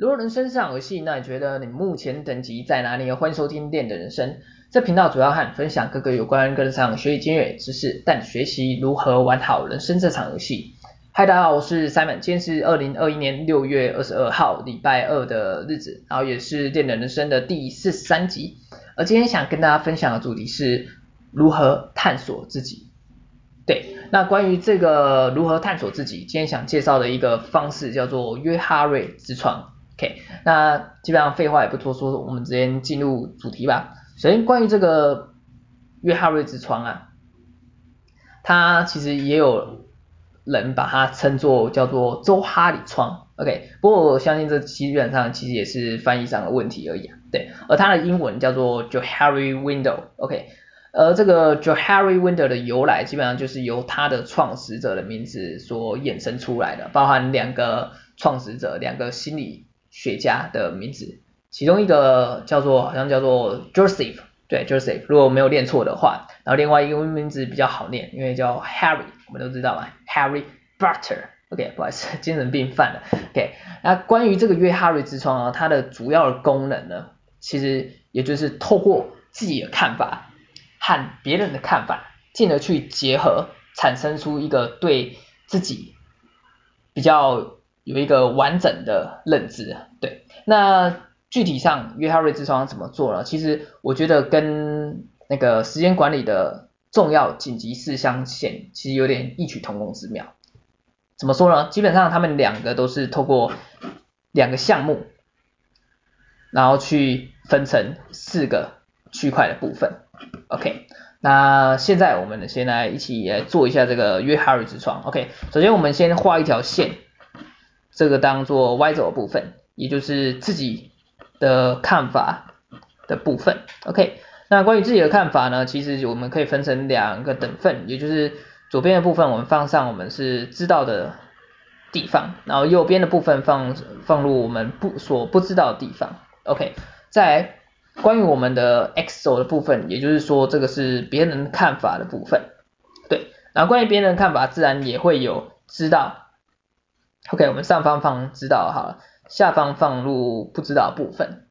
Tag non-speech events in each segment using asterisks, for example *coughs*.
如果人生是場遊戲，那你覺得你目前等級在哪裡？歡迎收聽《電的人生》這頻道，主要和你分享各個有關人生、學習、經驗知識，但學習如何玩好人生這場遊戲。嗨，大家好，我是 Simon，今天是二零二一年六月二十二號禮拜二的日子，然後也是《電的人生》的第四十三集。而今天想跟大家分享的主題是如何探索自己。對，那關於這個如何探索自己，今天想介紹的一個方式叫做約哈瑞之窗」。OK，那基本上廢話也不多說，我們直接進入主題吧。首先，關於這個約哈瑞之窗啊，它其實也有人把它稱作叫做周哈里窗，OK。不過我相信這基本上其實也是翻譯上的問題而已，啊，對。而它的英文叫做 Johari Window，OK、okay, 呃。而這個 Johari Window 的由來，基本上就是由它的創始者的名字所衍生出來的，包含兩個創始者，兩個心理。學家的名字，其中一個叫做好像叫做 Joseph，對 Joseph，如果沒有念錯的話，然後另外一個名字比較好念，因為叫 Harry，我們都知道吧，Harry Potter，OK，不好意思，精神病犯了，OK，那關於這個約哈瑞之窗啊，它的主要的功能呢，其實也就是透過自己的看法和別人的看法，進而去結合，產生出一個對自己比較。有一個完整的認知，對，那具體上約哈瑞之窗怎麼做呢？其實我覺得跟那個時間管理的重要緊急象限其實有點異曲同工之妙。怎麼說呢？基本上他們兩個都是透過兩個項目，然後去分成四個區塊的部分。OK，那現在我們先來一起來做一下這個約哈瑞之窗。OK，首先我們先畫一條線。這個當做 Y 軸的部分，也就是自己的看法的部分。OK，那關於自己的看法呢？其實我們可以分成兩個等份，也就是左邊的部分我們放上我們是知道的地方，然後右邊的部分放放入我們不所不知道的地方。OK，在關於我們的 X 軸的部分，也就是說這個是別人看法的部分。對，然後關於別人看法，自然也會有知道。OK，我們上方放知道好了，下方放入不知道的部分。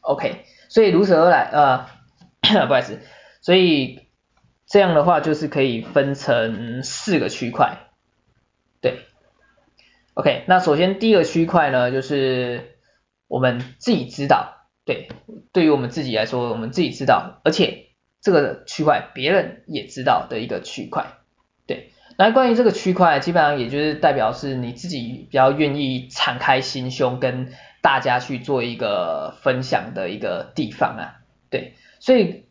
OK，所以如此而來，呃， *coughs* 不好意思，所以這樣的話就是可以分成四個區塊。對，OK，那首先第一個區塊呢，就是我們自己知道，對，對於我們自己來說，我們自己知道，而且這個區塊別人也知道的一個區塊。那關於這個區塊，基本上也就是代表是你自己比較願意敞開心胸跟大家去做一個分享的一個地方啊，對，所以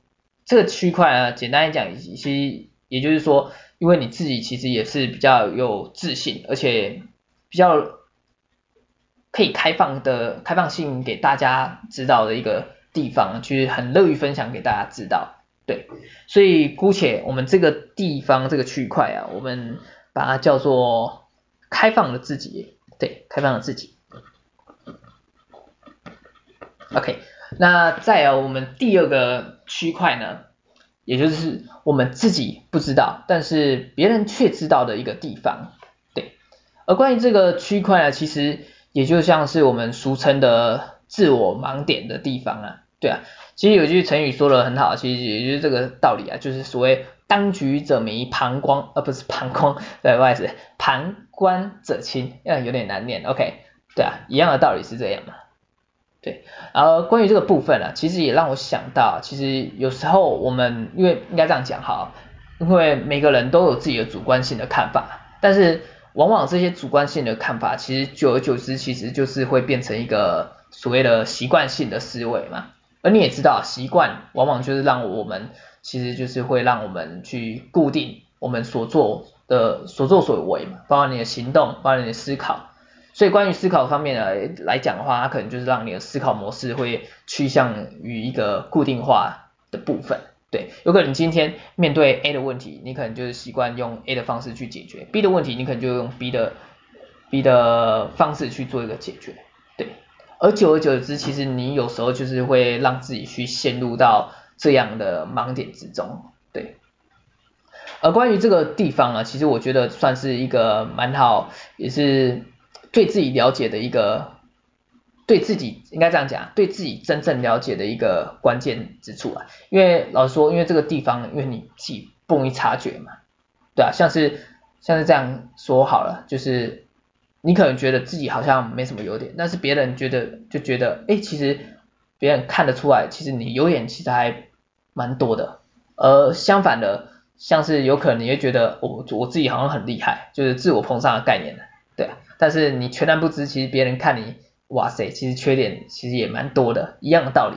這個區塊啊，簡單來講，其實也就是說，因為你自己其實也是比較有自信，而且比較可以開放的開放性給大家知道的一個地方，就是很樂於分享給大家知道。對，所以姑且我們這個地方這個區塊啊，我們把它叫做開放的自己，對，開放的自己。OK，那再有我們第二個區塊呢，也就是我們自己不知道，但是別人卻知道的一個地方，對。而關於這個區塊啊，其實也就像是我們俗稱的自我盲點的地方啊。對啊，其實有句成語說得很好，其實也就是這個道理啊，就是所謂當局者迷，旁觀，呃不是旁光，對，不好意思，旁觀者清，有點難念，OK，對啊，一樣的道理是這樣嘛，對，然後關於這個部分呢啊，其實也讓我想到，其實有時候我們因為應該這樣講哈，因為每個人都有自己的主觀性的看法，但是往往這些主觀性的看法，其實久而久之，其實就是會變成一個所謂的習慣性的思維嘛。而你也知道，習慣往往就是讓我們，其實就是會讓我們去固定我們所做的所作所為嘛，包括你的行動，包括你的思考。所以關於思考方面來來講的話，它可能就是讓你的思考模式會趨向於一個固定化的部分。對，有可能今天面對 A 的問題，你可能就是習慣用 A 的方式去解決；B 的問題，你可能就用 B 的 B 的方式去做一個解決。對。而久而久之，其實你有時候就是會讓自己去陷入到這樣的盲點之中，對。而關於這個地方啊，其實我覺得算是一個蠻好，也是對自己了解的一個，對自己應該這樣講，對自己真正了解的一個關鍵之處啊。因為老實說，因為這個地方，因為你自己不容易察覺嘛，對啊，像是像是這樣說好了，就是。你可能覺得自己好像沒什麼優點，但是別人覺得就覺得，誒，其實別人看得出來，其實你優點其實還蠻多的。而、呃、相反的，像是有可能你會覺得我、哦、我自己好像很厲害，就是自我膨脹的概念呢，對、啊。但是你全然不知，其實別人看你，哇塞，其實缺點其實也蠻多的，一樣的道理。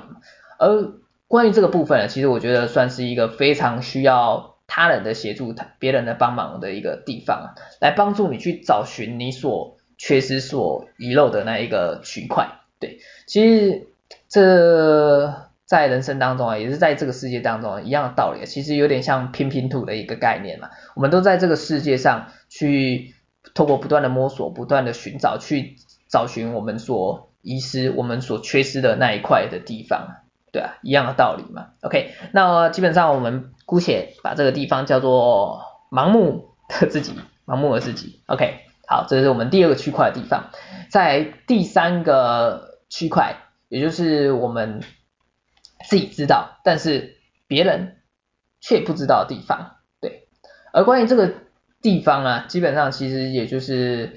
而關於這個部分呢，其實我覺得算是一個非常需要他人的協助、他別人的幫忙的一個地方啊，來幫助你去找尋你所。缺失所遺漏的那一個區塊，對，其實這在人生當中啊，也是在這個世界當中、啊、一樣的道理，其實有點像拼拼圖的一個概念嘛。我們都在這個世界上去，透過不斷的摸索、不斷的尋找，去找尋我們所遺失、我們所缺失的那一塊的地方，對啊，一樣的道理嘛。OK，那基本上我們姑且把這個地方叫做盲目的自己，盲目的自己。OK。好，這是我們第二個區塊的地方，在第三個區塊，也就是我們自己知道，但是別人卻不知道的地方。對，而關於這個地方啊，基本上其實也就是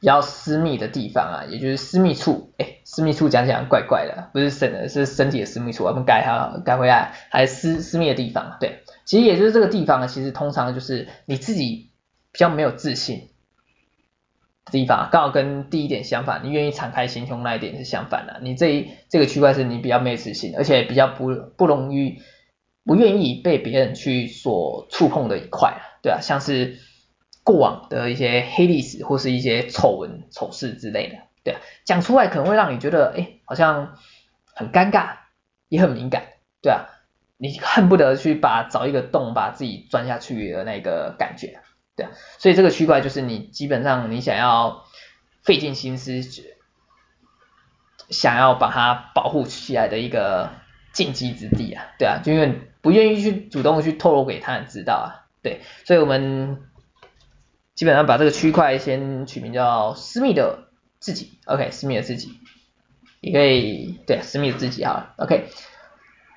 比較私密的地方啊，也就是私密處。哎，私密處講起來怪怪的，不是省的是身體的私密處，我們改好，改回來，還是私私密的地方。對，其實也就是這個地方呢，其實通常就是你自己比較沒有自信。地方剛好跟第一點相反，你願意敞開心胸那一點是相反的。你這一這個區塊是你比較沒自信，而且比較不不容易、不願意被別人去所觸碰的一塊啊，對啊，像是過往的一些黑歷史或是一些醜聞、醜事之類的，對啊，講出來可能會讓你覺得，哎、欸，好像很尷尬，也很敏感，對啊，你恨不得去把找一個洞把自己鑽下去的那個感覺。對啊，所以這個區塊就是你基本上你想要費盡心思去想要把它保護起來的一個禁忌之地啊，對啊，就因為不願意去主動去透露給他人知道啊，對，所以我們基本上把這個區塊先取名叫私密的自己，OK，私密的自己，也可以對啊，私密的自己好了，OK，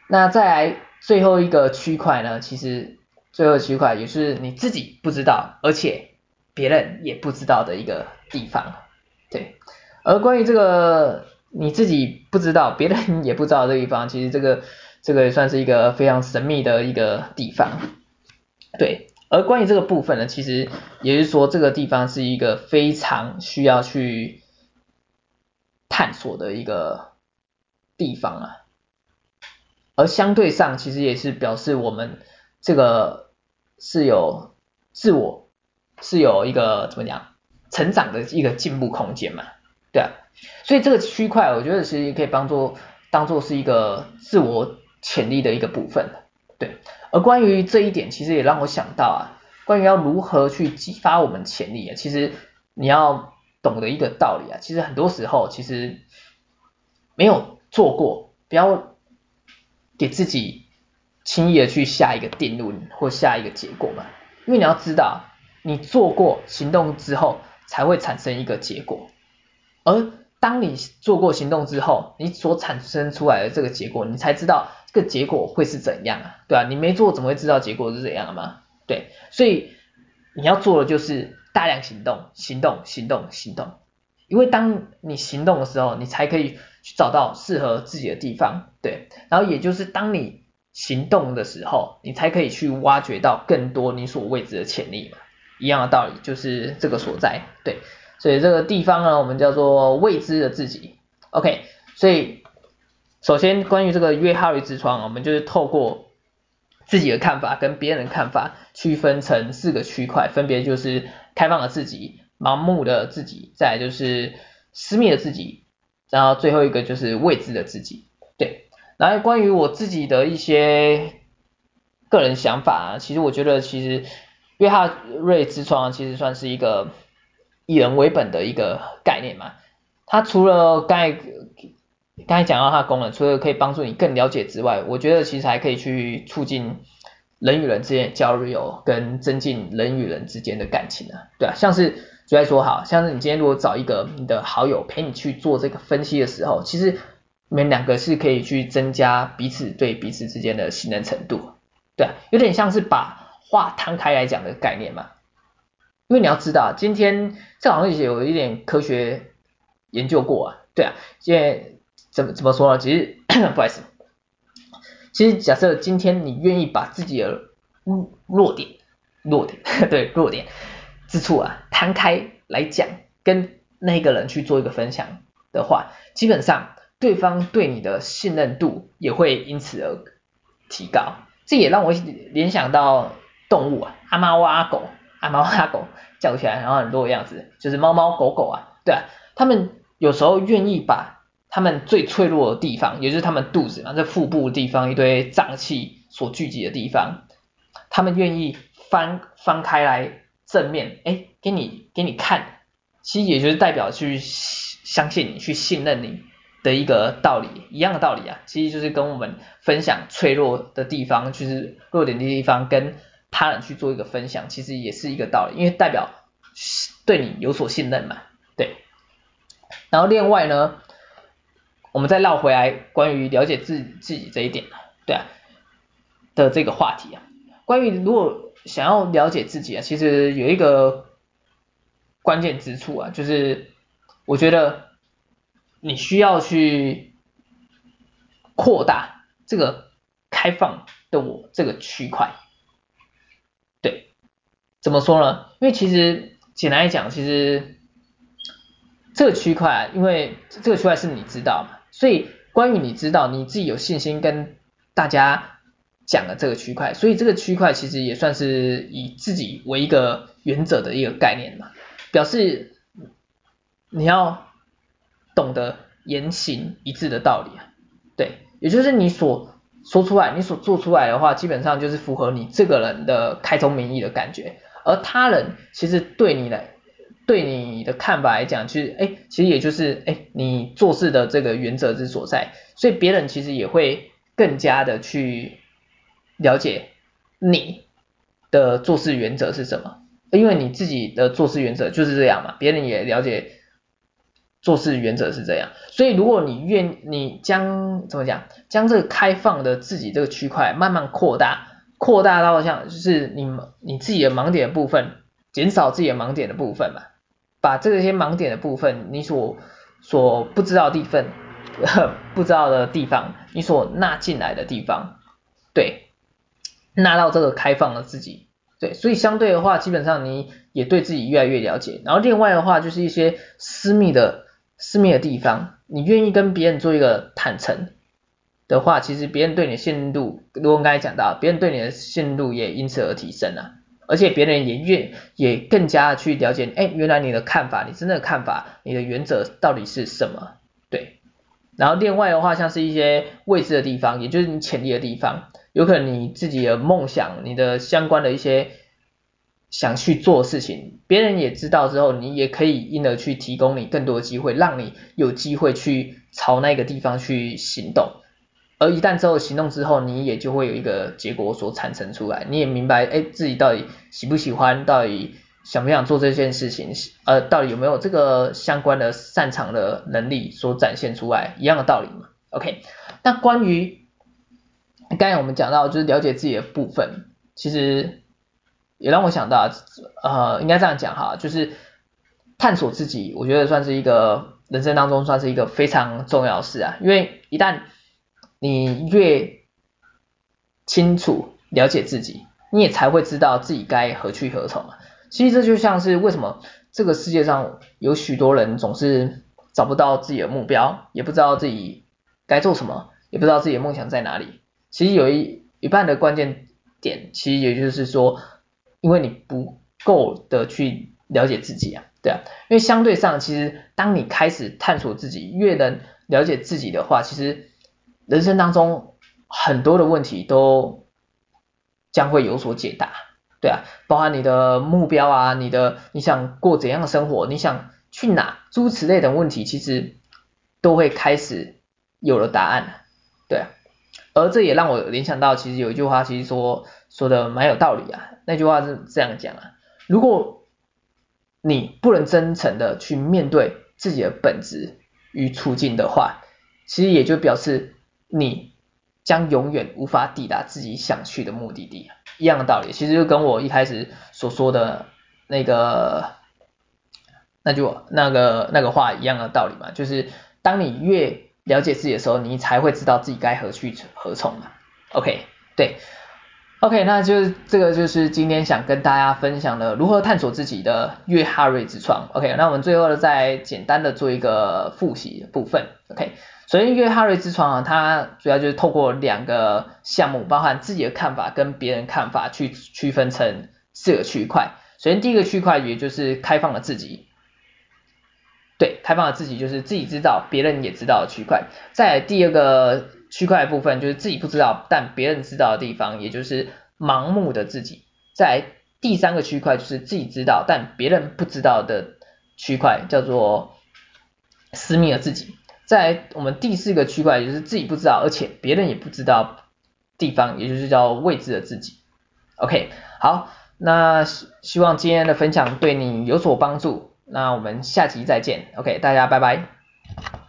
那再來最後一個區塊呢，其實。最後區塊也是你自己不知道，而且別人也不知道的一個地方，對。而關於這個你自己不知道，別人也不知道這個地方，其實這個這個也算是一個非常神秘的一個地方，對。而關於這個部分呢，其實也就是說這個地方是一個非常需要去探索的一個地方啊。而相對上，其實也是表示我們。這個是有自我，是有一個怎麼講，成長的一個進步空間嘛，對啊，所以這個區塊，我覺得其實可以幫作當做當做是一個自我潛力的一個部分，對。而關於這一點，其實也讓我想到啊，關於要如何去激發我們潛力啊，其實你要懂得一個道理啊，其實很多時候其實沒有做過，不要給自己。輕易的去下一個定論或下一個結果嘛，因為你要知道，你做過行動之後才會產生一個結果。而當你做過行動之後，你所產生出來的這個結果，你才知道這個結果會是怎樣啊，對吧、啊？你沒做，怎麼會知道結果是怎樣嗎、啊？對，所以你要做的就是大量行動，行動，行動，行動。因為當你行動的時候，你才可以去找到適合自己的地方，對。然後也就是當你。行動的時候，你才可以去挖掘到更多你所未知的潛力嘛，一樣的道理就是這個所在，對，所以這個地方呢，我們叫做未知的自己，OK，所以首先關於這個約哈瑞之窗，我們就是透過自己的看法跟別人的看法，區分成四個區塊，分別就是開放的自己、盲目的自己，再來就是私密的自己，然後最後一個就是未知的自己。來，關於我自己的一些個人想法啊，其實我覺得，其實約哈瑞之窗其實算是一個以人為本的一個概念嘛。它除了剛才剛才講到它的功能，除了可以幫助你更了解之外，我覺得其實還可以去促進人與人之間的交流，跟增進人與人之間的感情啊。對啊，像是就在說好，好像是你今天如果找一個你的好友陪你去做這個分析的時候，其實。你們兩個是可以去增加彼此對彼此之間的信任程度，對啊，有點像是把話攤開來講的概念嘛。因為你要知道，今天這好像也有一點科學研究過啊，對啊，現在怎麼怎麼說呢？其實，呵呵，不好意思，其實假設今天你願意把自己的弱點、弱點，對，弱點之處啊，攤開來講，跟那個人去做一個分享的話，基本上。對方對你的信任度也會因此而提高。這也讓我聯想到動物啊，阿貓阿狗，阿貓阿狗叫起來然後很多樣子，就是貓貓狗狗啊，對啊，他們有時候願意把他們最脆弱的地方，也就是他們肚子嘛，在腹部的地方一堆臟器所聚集的地方，他們願意翻翻開來正面，哎，給你給你看，其實也就是代表去相信你，去信任你。的一個道理，一樣的道理啊，其實就是跟我們分享脆弱的地方，就是弱點的地方，跟他人去做一個分享，其實也是一個道理，因為代表對你有所信任嘛，對。然後另外呢，我們再繞回來關於了解自自己這一點，對啊，的這個話題啊，關於如果想要了解自己啊，其實有一個關鍵之處啊，就是我覺得。你需要去擴大這個開放的我這個區塊，對，怎麼說呢？因為其實簡單來講，其實這個區塊啊，因為這個區塊是你知道嘛，所以關於你知道你自己有信心跟大家講的這個區塊，所以這個區塊其實也算是以自己為一個原則的一個概念嘛，表示你要。懂得言行一致的道理啊，對，也就是你所說出來，你所做出來的話，基本上就是符合你這個人的開宗明義的感覺，而他人其實對你來，對你的看法來講，其實哎，其實也就是哎，你做事的這個原則之所在，所以別人其實也會更加的去了解你的做事原則是什麼，因為你自己的做事原則就是這樣嘛，別人也了解。做事原則是這樣，所以如果你願你將怎麼講，將這個開放的自己這個區塊慢慢擴大，擴大到像就是你你自己的盲點的部分，減少自己的盲點的部分嘛，把這些盲點的部分你所所不知道的地方，不知道的地方你所納進來的地方，對，納到這個開放的自己，對，所以相對的話，基本上你也對自己越來越了解，然後另外的話就是一些私密的。私密的地方，你願意跟別人做一個坦誠的話，其實別人對你的信任度，如果剛才講到，別人對你的信任度也因此而提升了、啊，而且別人也越也更加去了解，哎、欸，原來你的看法，你真的看法，你的原則到底是什麼？對。然後另外的話，像是一些未知的地方，也就是你潛力的地方，有可能你自己的夢想，你的相關的一些。想去做事情，別人也知道之後，你也可以因而去提供你更多的機會，讓你有機會去朝那個地方去行動。而一旦之後行動之後，你也就會有一個結果所產生出來，你也明白，哎，自己到底喜不喜歡，到底想不想做這件事情，呃，到底有沒有這個相關的擅長的能力所展現出來，一樣的道理嘛。OK，那關於剛才我們講到就是了解自己的部分，其實。也讓我想到，呃，應該這樣講哈，就是探索自己，我覺得算是一個人生當中算是一個非常重要的事啊。因為一旦你越清楚了解自己，你也才會知道自己該何去何從。其實這就像是為什麼這個世界上有許多人總是找不到自己的目標，也不知道自己該做什麼，也不知道自己的夢想在哪裡。其實有一一半的關鍵點，其實也就是說。因為你不夠的去了解自己啊，對啊，因為相對上，其實當你開始探索自己，越能了解自己的話，其實人生當中很多的問題都將會有所解答，對啊，包含你的目標啊，你的你想過怎樣的生活，你想去哪，諸如此類的問題，其實都會開始有了答案，對啊，而這也讓我聯想到，其實有一句話，其實說說的蠻有道理啊。那句話是這樣講啊，如果你不能真誠的去面對自己的本質與處境的話，其實也就表示你將永遠無法抵達自己想去的目的地。一樣的道理，其實就跟我一開始所說的那個，那就那個那個話一樣的道理嘛，就是當你越了解自己的時候，你才會知道自己該何去何從嘛。OK，對。OK，那就是這個就是今天想跟大家分享的如何探索自己的約哈瑞之窗。OK，那我們最後呢，再簡單的做一個複習的部分。OK，首先約哈瑞之窗啊，它主要就是透過兩個項目，包含自己的看法跟別人看法，去區分成四個區塊。首先第一個區塊也就是開放了自己，對，開放了自己就是自己知道，別人也知道的區塊。再第二個區塊部分就是自己不知道，但別人知道的地方，也就是盲目的自己；在第三個區塊就是自己知道，但別人不知道的區塊，叫做私密的自己；在我們第四個區塊就是自己不知道，而且別人也不知道的地方，也就是叫未知的自己。OK，好，那希望今天的分享對你有所幫助，那我們下期再見。OK，大家拜拜。